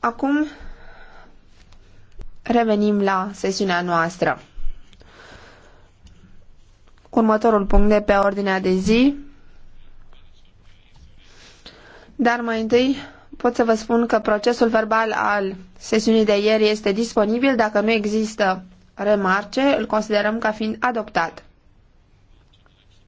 Acum revenim la sesiunea noastră. Următorul punct de pe ordinea de zi. Dar mai întâi pot să vă spun că procesul verbal al sesiunii de ieri este disponibil. Dacă nu există remarce, îl considerăm ca fiind adoptat.